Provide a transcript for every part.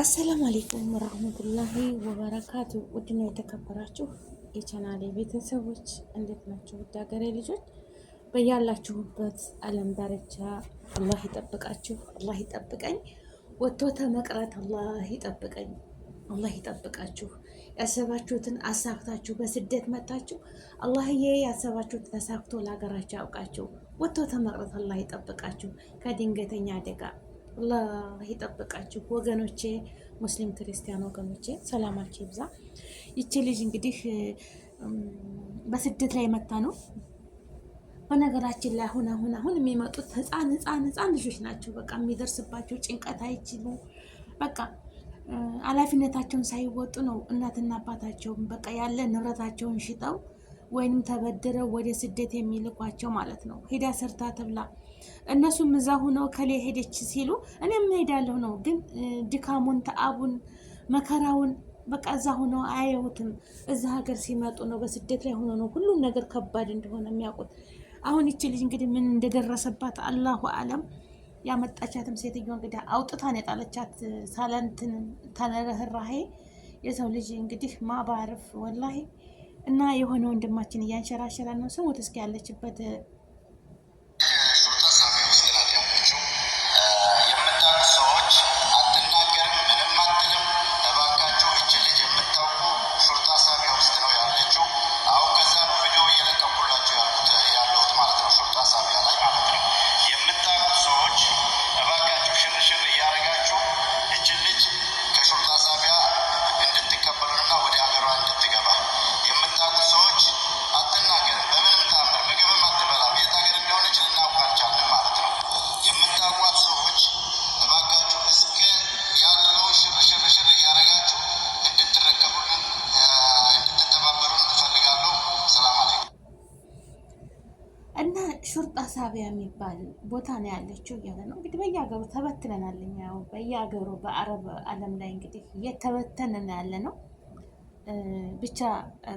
አሰላም አሌይኩም ረህመቱላሂ ወበረካቱ። ውድና የተከበራችሁ የቻናሌ ቤተሰቦች እንዴት ናችሁ? ውድ ሀገሬ ልጆች በያላችሁበት ዓለም ዳርቻ አላህ ይጠብቃችሁ፣ አላህ ይጠብቀኝ። ወጥቶ ተመቅረት አላህ ይጠብቀኝ፣ አላህ ይጠብቃችሁ። ያሰባችሁትን አሳክታችሁ በስደት መታችሁ አላህዬ ያሰባችሁት ተሳክቶ ለሀገራችሁ ያውቃችሁ። ወጥቶ ተመቅረት አላህ ይጠብቃችሁ ከድንገተኛ አደጋ አላህ ይጠብቃችሁ ወገኖቼ፣ ሙስሊም ክርስቲያን ወገኖቼ ሰላማችሁ ይብዛ። ይቺ ልጅ እንግዲህ በስደት ላይ መታ ነው። በነገራችን ላይ አሁን አሁን አሁን የሚመጡት ህፃን ህፃን ህፃን ልጆች ናቸው። በቃ የሚደርስባቸው ጭንቀት አይችሉ በቃ ኃላፊነታቸውን ሳይወጡ ነው እናትና አባታቸውን በቃ ያለ ንብረታቸውን ሽጠው ወይንም ተበድረው ወደ ስደት የሚልኳቸው ማለት ነው። ሄዳ ሰርታ ተብላ እነሱም እዛ ሁነው ከሌ ሄደች ሲሉ እኔም ሄዳለሁ ነው። ግን ድካሙን፣ ተአቡን፣ መከራውን በቃ እዛ ሁነው አያዩትም። እዛ ሀገር ሲመጡ ነው በስደት ላይ ሆኖ ነው ሁሉም ነገር ከባድ እንደሆነ የሚያውቁት። አሁን ይች ልጅ እንግዲህ ምን እንደደረሰባት አላሁ አለም። ያመጣቻትም ሴትዮ እንግዲህ አውጥታን የጣለቻት ሳለንትን ተነረህራሄ የሰው ልጅ እንግዲህ ማባረፍ ወላሄ እና የሆነ ወንድማችን እያንሸራሸረ ነው። ስሙት እስኪ ያለችበት የሚባል ቦታ ነው ያለችው እያለ ነው እንግዲህ። በየሀገሩ ተበትነናል ያው በየሀገሩ በአረብ ዓለም ላይ እንግዲህ እየተበተንን ያለ ነው። ብቻ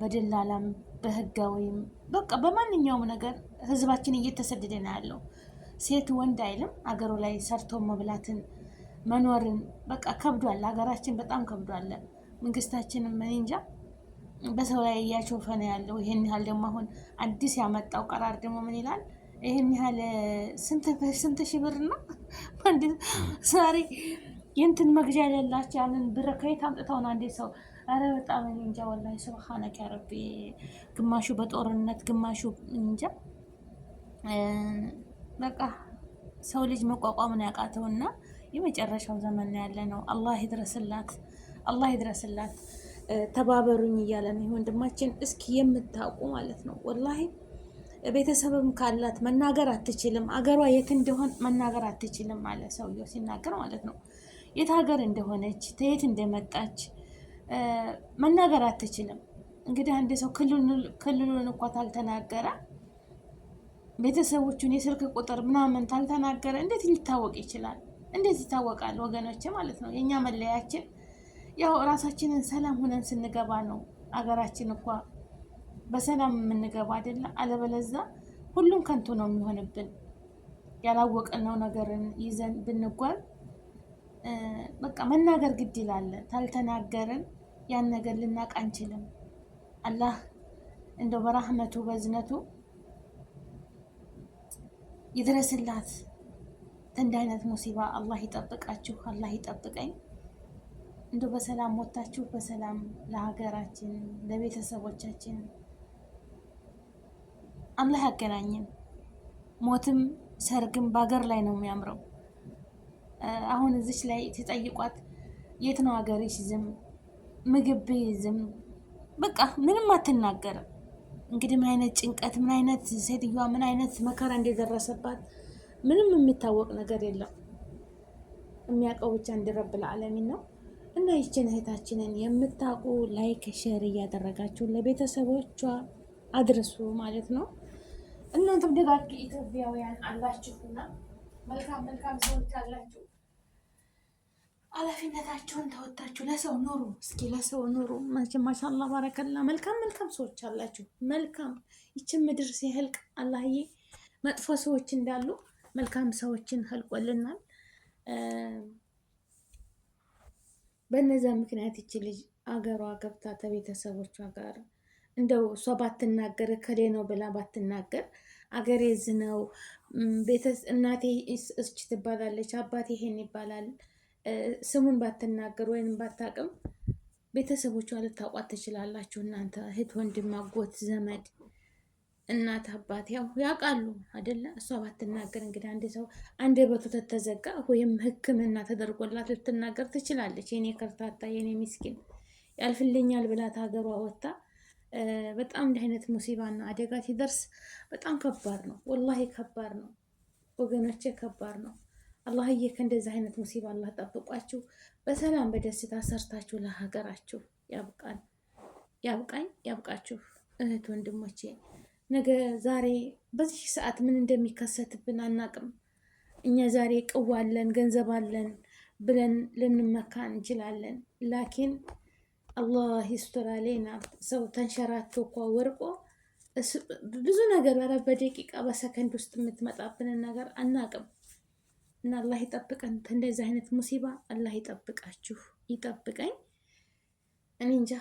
በደላላም በህጋዊም በቃ በማንኛውም ነገር ህዝባችን እየተሰደደ ነው ያለው። ሴት ወንድ አይልም። አገሩ ላይ ሰርቶ መብላትን መኖርን በቃ ከብዷል። ሀገራችን በጣም ከብዷል። መንግስታችንም እኔ እንጃ በሰው ላይ እያሾፈ ነው ያለው። ይህን ያህል ደግሞ አሁን አዲስ ያመጣው ቀራር ደግሞ ምን ይላል? ይህን ያህል ስንት ሺህ ብር ነው ዛሬ የእንትን መግዣ የሌላቸው ያንን ብር ከየት አምጥተው ነው? አንዴ ሰው አረ በጣም እንጃ ወላሂ ስብሓነክ ያ ረቢ። ግማሹ በጦርነት ግማሹ እንጃ በቃ ሰው ልጅ መቋቋምን ያቃተውና የመጨረሻው ዘመን ያለ ነው። አላህ ይድረስላት፣ አላህ ይድረስላት። ተባበሩኝ እያለ ነው ወንድማችን። እስኪ የምታውቁ ማለት ነው ወላሂ ቤተሰብም ካላት መናገር አትችልም። አገሯ የት እንደሆን መናገር አትችልም አለ ሰውየው ሲናገር ማለት ነው። የት ሀገር እንደሆነች ተየት እንደመጣች መናገር አትችልም። እንግዲህ አንድ ሰው ክልሉን እኳ ታልተናገረ ቤተሰቦቹን የስልክ ቁጥር ምናምን ታልተናገረ እንዴት ሊታወቅ ይችላል? እንዴት ይታወቃል? ወገኖች ማለት ነው። የእኛ መለያችን ያው እራሳችንን ሰላም ሁነን ስንገባ ነው። አገራችን እኳ በሰላም የምንገባ አይደለ። አለበለዛ ሁሉም ከንቱ ነው የሚሆንብን። ያላወቅነው ነገርን ይዘን ብንጓዝ በቃ መናገር ግድ ይላል። ታልተናገርን ያን ነገር ልናቅ አንችልም። አላህ እንደው በራህመቱ በዝነቱ ይድረስላት። እንደ አይነት ሙሲባ አላህ ይጠብቃችሁ፣ አላህ ይጠብቀኝ። እንደው በሰላም ወታችሁ በሰላም ለሀገራችን ለቤተሰቦቻችን አምላህ ያገናኘን። ሞትም ሰርግም በሀገር ላይ ነው የሚያምረው። አሁን እዚች ላይ ተጠይቋት የት ነው ሀገርሽ? ዝም ምግብ ዝም በቃ ምንም አትናገርም። እንግዲህ ምን አይነት ጭንቀት፣ ምን አይነት ሴትዮዋ፣ ምን አይነት መከራ እንደደረሰባት ምንም የሚታወቅ ነገር የለም። የሚያውቀው ብቻ እንዲረብ ለዓለሚን ነው። እና ይችን እህታችንን የምታውቁ ላይክ ሼር እያደረጋችሁ ለቤተሰቦቿ አድርሱ ማለት ነው። እናንተም ደጋግ ኢትዮጵያውያን አላችሁና መልካም መልካም ሰዎች አላችሁ። ኃላፊነታችሁን ተወጣችሁ ለሰው ኑሩ። እስኪ ለሰው ኑሩ። ማሻላ ባረከላ። መልካም መልካም ሰዎች አላችሁ። መልካም ይችን ምድር ሲህልቅ አላህዬ መጥፎ ሰዎች እንዳሉ መልካም ሰዎችን ህልቆልናል። በነዛ ምክንያት ይች ልጅ አገሯ ገብታ ከቤተሰቦቿ ጋር እንደው እሷ ባትናገር ከሌ ነው ብላ ባትናገር አገሬ ዝ ነው እናቴ እስች ትባላለች፣ አባቴ ይሄን ይባላል። ስሙን ባትናገር ወይም ባታቅም ቤተሰቦቿ ልታውቋት ትችላላችሁ። እናንተ እህት፣ ወንድም፣ አጎት፣ ዘመድ፣ እናት፣ አባት ያው ያውቃሉ አይደለ? እሷ ባትናገር እንግዲህ አንድ ሰው አንድ በቱ ተተዘጋ ወይም ሕክምና ተደርጎላት ልትናገር ትችላለች። የኔ ከርታታ የኔ ሚስኪን ያልፍልኛል ብላት ሀገሯ ወጥታ በጣም እንዲህ አይነት ሙሲባና አደጋ ሲደርስ በጣም ከባድ ነው። ወላሂ ከባድ ነው ወገኖቼ፣ ከባድ ነው። አላህዬ ከእንደዚህ አይነት ሙሲባ አላህ ጠብቋችሁ በሰላም በደስታ ሰርታችሁ ለሀገራችሁ ያብቃን፣ ያብቃኝ፣ ያብቃችሁ እህት ወንድሞቼ። ነገ ዛሬ በዚህ ሰዓት ምን እንደሚከሰትብን አናቅም። እኛ ዛሬ ቅዋለን ገንዘባለን ብለን ልንመካ እንችላለን ላኪን አላህ ይስቱር አለይና። ሰው ተንሸራቶ እኮ ወርቆ ብዙ ነገር ኧረ በደቂቃ በሰከንድ ውስጥ የምትመጣብንን ነገር አናቅም እና አላህ ይጠብቀን። ከእንደዚህ አይነት ሙሲባ አላህ ይጠብቃችሁ፣ ይጠብቀኝ። እኔ እንጃ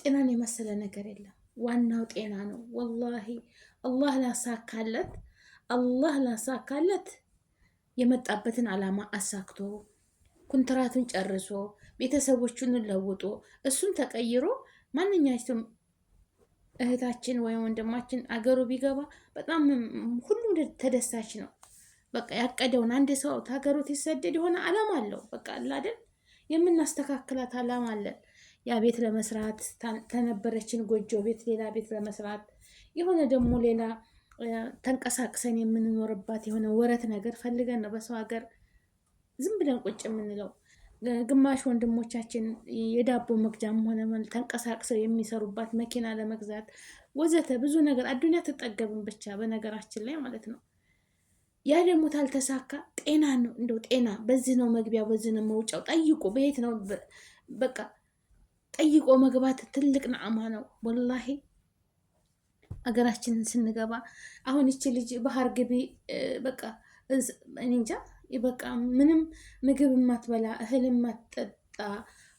ጤናን የመሰለ ነገር የለም። ዋናው ጤና ነው። ወላሂ አላህ ላሳካለት አላህ ላሳካለት የመጣበትን አላማ አሳክቶ ኩንትራቱን ጨርሶ ቤተሰቦቹን ለውጦ እሱም ተቀይሮ ማንኛቸውም እህታችን ወይም ወንድማችን አገሩ ቢገባ በጣም ሁሉም ተደሳች ነው። በቃ ያቀደውን አንድ ሰው ሀገሩ ሲሰደድ የሆነ አላማ አለው። በቃ አላደል የምናስተካክላት አላማ አለን። ያ ቤት ለመስራት ተነበረችን ጎጆ ቤት ሌላ ቤት ለመስራት የሆነ ደግሞ ሌላ ተንቀሳቅሰን የምንኖርባት የሆነ ወረት ነገር ፈልገን ነው በሰው ሀገር ዝም ብለን ቁጭ የምንለው። ግማሽ ወንድሞቻችን የዳቦ መግጃም ሆነ ተንቀሳቅሰው የሚሰሩባት መኪና ለመግዛት ወዘተ ብዙ ነገር አዱኒያ ትጠገብም ብቻ በነገራችን ላይ ማለት ነው። ያ ደግሞ ታልተሳካ ጤና ነው። እንደው ጤና በዚህ ነው መግቢያ በዚህ ነው መውጫው። ጠይቆ በየት ነው በቃ ጠይቆ መግባት ትልቅ ነዓማ ነው ወላሂ። አገራችንን ስንገባ አሁን ይቺ ልጅ ባህር ግቢ በቃ እኔ እንጃ በቃ ምንም ምግብ የማትበላ እህል የማትጠጣ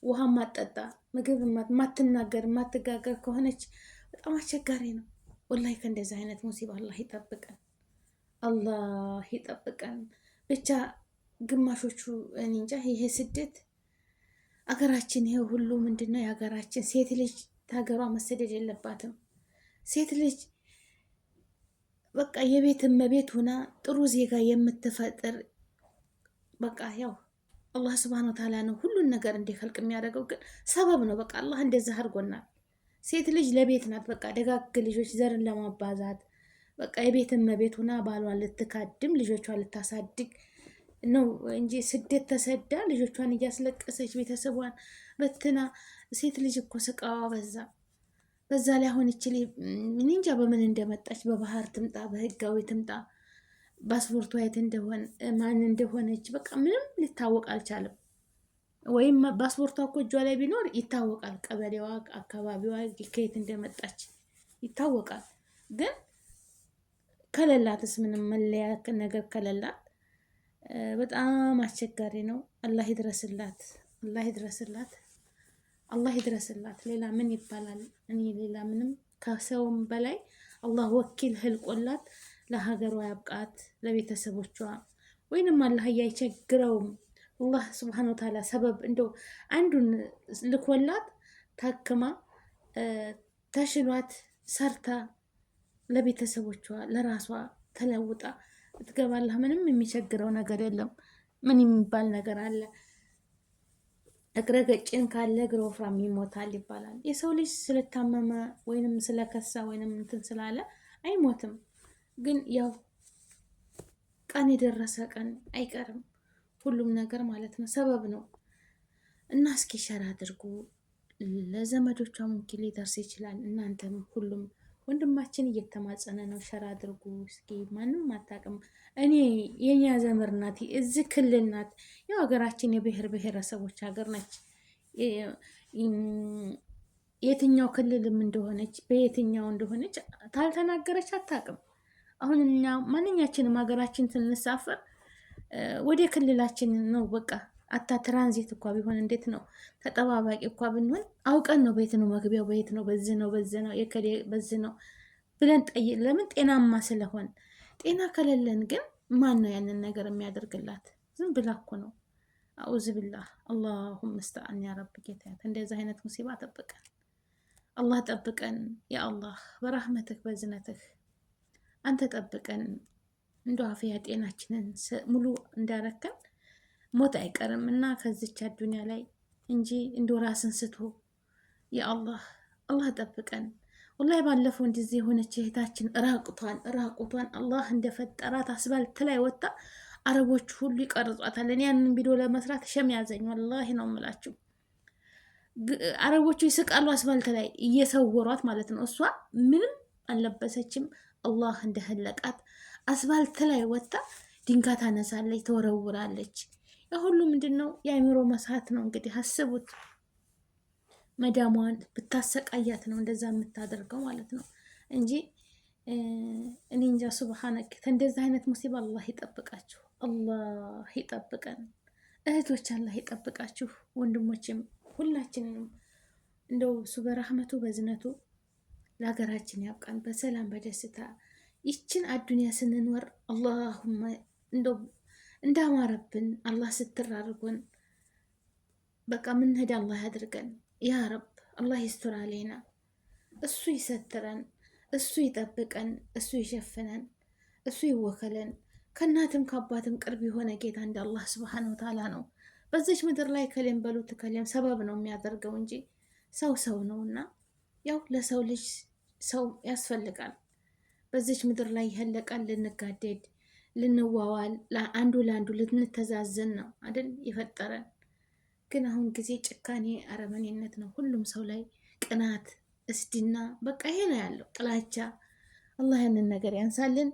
ውሃ የማትጠጣ ምግብ የማትናገር የማትጋገር ከሆነች በጣም አስቸጋሪ ነው። ወላይ ከእንደዚ አይነት ሙሲባ አላህ ይጠብቀን፣ አላህ ይጠብቀን። ብቻ ግማሾቹ እኔ እንጃ ይሄ ስደት አገራችን ይሄ ሁሉ ምንድነው? የሀገራችን ሴት ልጅ ታገሯ መሰደድ የለባትም። ሴት ልጅ በቃ የቤት እመቤት ሁና ጥሩ ዜጋ የምትፈጥር በቃ ያው አላህ ስብሃነ ወተዓላ ነው ሁሉን ነገር እንዲፈልቅ የሚያደርገው። ግን ሰበብ ነው በቃ አላህ እንደዛ አድርጎናል። ሴት ልጅ ለቤት ናት። በቃ ደጋግ ልጆች ዘርን ለማባዛት በቃ የቤትን መቤት ሆና ባሏን ልትካድም ልጆቿን ልታሳድግ ነው እንጂ ስደት ተሰዳ ልጆቿን እያስለቀሰች ቤተሰቧን በትና ሴት ልጅ እኮ ስቃዋ በዛ በዛ ላይ አሁን ይችል እኔ እንጃ በምን እንደመጣች በባህር ትምጣ በህጋዊ ትምጣ ፓስፖርቱ የት እንደሆነ ማን እንደሆነች በቃ ምንም ሊታወቅ አልቻለም። ወይም ፓስፖርቷ እኮ እጇ ላይ ቢኖር ይታወቃል፣ ቀበሌዋ፣ አካባቢዋ ከየት እንደመጣች ይታወቃል። ግን ከሌላትስ ምንም መለያ ነገር ከሌላት በጣም አስቸጋሪ ነው። አላህ ይድረስላት፣ አላህ ይድረስላት፣ አላህ ይድረስላት። ሌላ ምን ይባላል? እኔ ሌላ ምንም ከሰውም በላይ አላህ ወኪል ህልቆላት ለሀገሯ ያብቃት፣ ለቤተሰቦቿ ወይንም አላህ አይቸግረውም። አላህ ስብሓን ወተዓላ ሰበብ እንደው አንዱን ልኮላት ታክማ ተሽሏት ሰርታ ለቤተሰቦቿ ለራሷ ተለውጣ እትገባላህ። ምንም የሚቸግረው ነገር የለም። ምን የሚባል ነገር አለ? እግረ ገጭን ካለ እግረ ወፍራም ይሞታል ይባላል። የሰው ልጅ ስለታመመ ወይንም ስለከሳ ወይንም እንትን ስላለ አይሞትም። ግን ያው ቀን የደረሰ ቀን አይቀርም። ሁሉም ነገር ማለት ነው ሰበብ ነው እና እስኪ ሸር አድርጉ ለዘመዶቿ ሙኪል ሊደርስ ይችላል። እናንተም ሁሉም ወንድማችን እየተማጸነ ነው። ሸር አድርጉ እስኪ ማንም አታውቅም። እኔ የኛ ዘመር ናት፣ እዚህ ክልል ናት። ያው ሀገራችን የብሔር ብሔረሰቦች ሀገር ነች። የትኛው ክልልም እንደሆነች በየትኛው እንደሆነች ታልተናገረች አታውቅም። አሁን እኛ ማንኛችንም ሀገራችን ስንሳፈር ወደ ክልላችን ነው በቃ አታ ትራንዚት እኳ ቢሆን እንዴት ነው? ተጠባባቂ እኳ ብንሆን አውቀን ነው በየት ነው መግቢያው፣ በየት ነው በዝ ነው በዝ ነው የከሌ በዝ ነው ብለን ጠይ ለምን ጤናማ ስለሆን። ጤና ከሌለን ግን ማን ነው ያንን ነገር የሚያደርግላት? ዝም ብላ እኮ ነው። አዑዝ ብላ አላሁ ምስተአን ያረብ ጌታ፣ እንደዚህ አይነት ሙሲባ ጠብቀን፣ አላህ ጠብቀን። ያ አላህ በራህመትህ በዝነትህ አንተ ጠብቀን እንደ አፍያ ጤናችንን ሙሉ እንዳረከን ሞት አይቀርም እና ከዚች አዱኒያ ላይ እንጂ እንዶ ራስን ስቶ የአላህ አላህ ጠብቀን። ወላሂ ባለፈው እንደዚህ የሆነች እህታችን ራቁቷን ራቁቷን አላህ እንደፈጠራት አስፋልት ላይ ወጣ። አረቦች ሁሉ ይቀርጿታለን። ያንን ቪዲዮ ለመስራት ሸም ያዘኝ። ወላሂ ነው የምላችሁ። አረቦቹ ይስቃሉ፣ አስፋልት ላይ እየሰወሯት ማለት ነው። እሷ ምንም አልለበሰችም። አላህ እንደህለቃት አስፋልት ላይ ወጥታ ድንጋይ ታነሳለች፣ ተወረውራለች። ሁሉ ምንድን ነው የአእምሮ መሳት ነው። እንግዲህ አስቡት። መዳሟን ብታሰቃያት ነው እንደዛ የምታደርገው ማለት ነው እንጂ እኔ እንጃ። ሱብሃነክ ከእንደዚህ አይነት ሙሲባ አላህ ይጠብቃችሁ፣ አላህ ይጠብቀን። እህቶች አላህ ይጠብቃችሁ። ወንድሞችም ሁላችንንም እንደው እሱ በረህመቱ በዝነቱ ለሀገራችን ያብቃን በሰላም በደስታ ይችን አዱንያ ስንኖር አላሁመ እንዳማረብን አላህ ስትራርጎን በቃ ምንሄድ አላህ ያድርገን። ያ ረብ አላህ ይስቱር አሌና እሱ ይሰትረን፣ እሱ ይጠብቀን፣ እሱ ይሸፍነን፣ እሱ ይወከለን። ከእናትም ከአባትም ቅርብ የሆነ ጌታ እንደ አላህ ስብሓን ወተዓላ ነው። በዚች ምድር ላይ ከሌም በሉት ከሌም ሰበብ ነው የሚያደርገው እንጂ ሰው ሰው ነውና ያው ለሰው ልጅ ሰው ያስፈልጋል። በዚች ምድር ላይ ይህለቃል ልንጋደድ፣ ልንዋዋል፣ አንዱ ለአንዱ ልንተዛዘን ነው አይደል የፈጠረን። ግን አሁን ጊዜ ጭካኔ፣ አረመኔነት ነው ሁሉም ሰው ላይ ቅናት፣ እስድና በቃ ይሄ ነው ያለው ጥላቻ። አላህ ያንን ነገር ያንሳልን።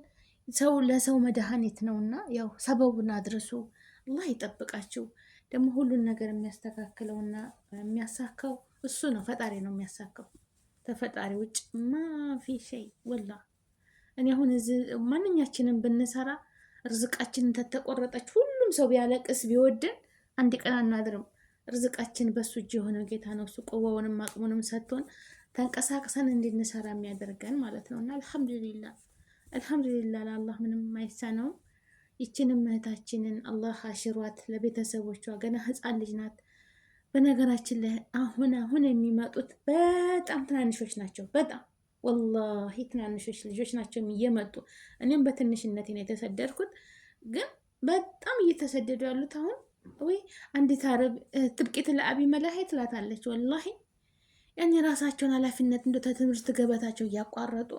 ሰው ለሰው መድኃኒት ነውና ያው ሰበቡን አድርሱ። አላህ ይጠብቃችሁ። ደግሞ ሁሉን ነገር የሚያስተካክለውና የሚያሳካው እሱ ነው፣ ፈጣሪ ነው የሚያሳካው። ተፈጣሪ ውጭ ማፊ ሸይ ወላ። እኔ አሁን ማንኛችንም ብንሰራ ርዝቃችንን ተተቆረጠች ሁሉም ሰው ቢያለቅስ ቢወድን አንድ ቀን አናድርም። ርዝቃችን በሱ እጅ የሆነ ጌታ ነው። እሱ ቁዋውንም አቅሙንም ሰጥቶን ተንቀሳቅሰን እንድንሰራ የሚያደርገን ማለት ነው። እና አልሐምዱሊላ አልሐምዱሊላ ለአላህ ምንም አይሳነውም። ይችንም እህታችንን አላህ አሽሯት ለቤተሰቦቿ ገና ህፃን ልጅ ናት። በነገራችን ላይ አሁን አሁን የሚመጡት በጣም ትናንሾች ናቸው። በጣም ወላሂ ትናንሾች ልጆች ናቸው እየመጡ እኔም በትንሽነቴ ነው የተሰደድኩት። ግን በጣም እየተሰደዱ ያሉት አሁን ወይ አንዲት አረብ ትብቂት ለአቢ መላሄ ትላታለች። ወላሂ ያን የራሳቸውን ኃላፊነት እንደ ትምህርት ገበታቸው እያቋረጡ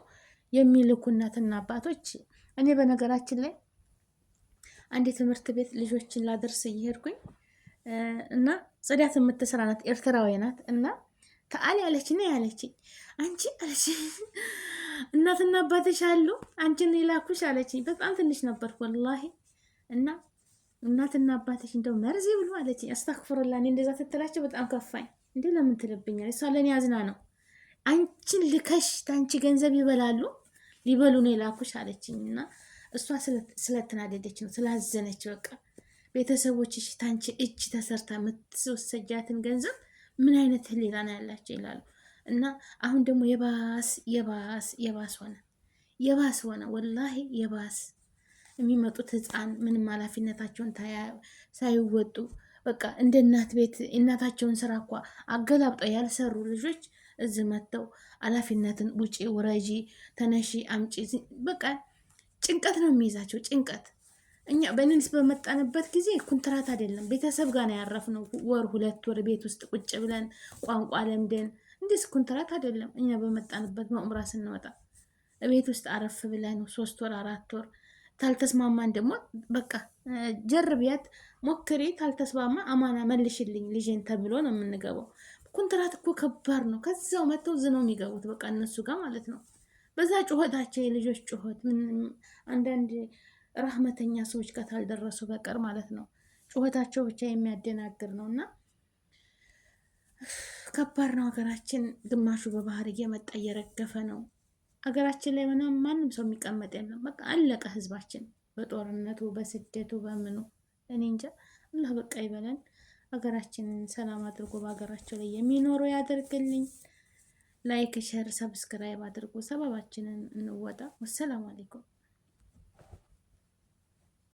የሚልኩ እናትና አባቶች። እኔ በነገራችን ላይ አንድ ትምህርት ቤት ልጆችን ላደርስ እየሄድኩኝ እና ጽዳት የምትሰራ ናት፣ ኤርትራዊ ናት። እና ተአል ያለች ና ያለችኝ አንቺ አለች እናትና አባትሽ አሉ አንቺን የላኩሽ አለችኝ። በጣም ትንሽ ነበርኩ ወላሂ። እና እናትና አባትሽ እንደው መርዚ ብሎ አለችኝ። አስታክፍርላ እኔ እንደዛ ትትላቸው በጣም ከፋኝ። እንዲ ለምን ትልብኛል? እሷ ለእኔ ያዝና ነው አንቺን ልከሽ ታንቺ ገንዘብ ይበላሉ ሊበሉ ነው የላኩሽ አለችኝ። እና እሷ ስለትናደደች ነው ስላዘነች በቃ ቤተሰቦችሽ ታንቺ እጅ ተሰርታ የምትወሰጃትን ገንዘብ ምን አይነት ህሊና ነው ያላቸው ይላሉ። እና አሁን ደግሞ የባስ የባስ የባስ ሆነ የባስ ሆነ ወላሂ የባስ የሚመጡት ህፃን ምንም ኃላፊነታቸውን ሳይወጡ በቃ እንደ እናት ቤት እናታቸውን ስራ እኳ አገላብጠው ያልሰሩ ልጆች እዚህ መጥተው ኃላፊነትን ውጪ፣ ውረጂ፣ ተነሺ፣ አምጪ በቃ ጭንቀት ነው የሚይዛቸው ጭንቀት እኛ በንንስ በመጣንበት ጊዜ ኩንትራት አይደለም ቤተሰብ ጋር ነው ያረፍነው። ወር ሁለት ወር ቤት ውስጥ ቁጭ ብለን ቋንቋ ለምደን እንዲስ ኩንትራት አይደለም። እኛ በመጣንበት መምራ ስንወጣ ቤት ውስጥ አረፍ ብለን ሶስት ወር አራት ወር ታልተስማማን ደግሞ በቃ ጀርቢያት ሞክሬ ታልተስማማ አማና መልሽልኝ ልጄን ተብሎ ነው የምንገባው። ኩንትራት እኮ ከባድ ነው። ከዛው መጥተው ዝነው የሚገቡት በቃ እነሱ ጋር ማለት ነው። በዛ ጩኸታቸው የልጆች ጩኸት አንዳንድ ራህመተኛ ሰዎች ጋር በቀር ማለት ነው። ጩኸታቸው ብቻ የሚያደናግር ነው እና ከባድ ነው። ሀገራችን ግማሹ በባህር እየመጣ እየረገፈ ነው። ሀገራችን ላይ ምንም ማንም ሰው የሚቀመጥ የለም። በቃ አለቀ ህዝባችን በጦርነቱ በስደቱ በምኑ እኔ እንጃ። አላህ በቃ ይበለን። ሀገራችንን ሰላም አድርጎ በሀገራቸው ላይ የሚኖረው ያደርግልኝ። ላይክ፣ ሸር፣ ሰብስክራይብ አድርጎ ሰበባችንን እንወጣ። ወሰላም አሌይኩም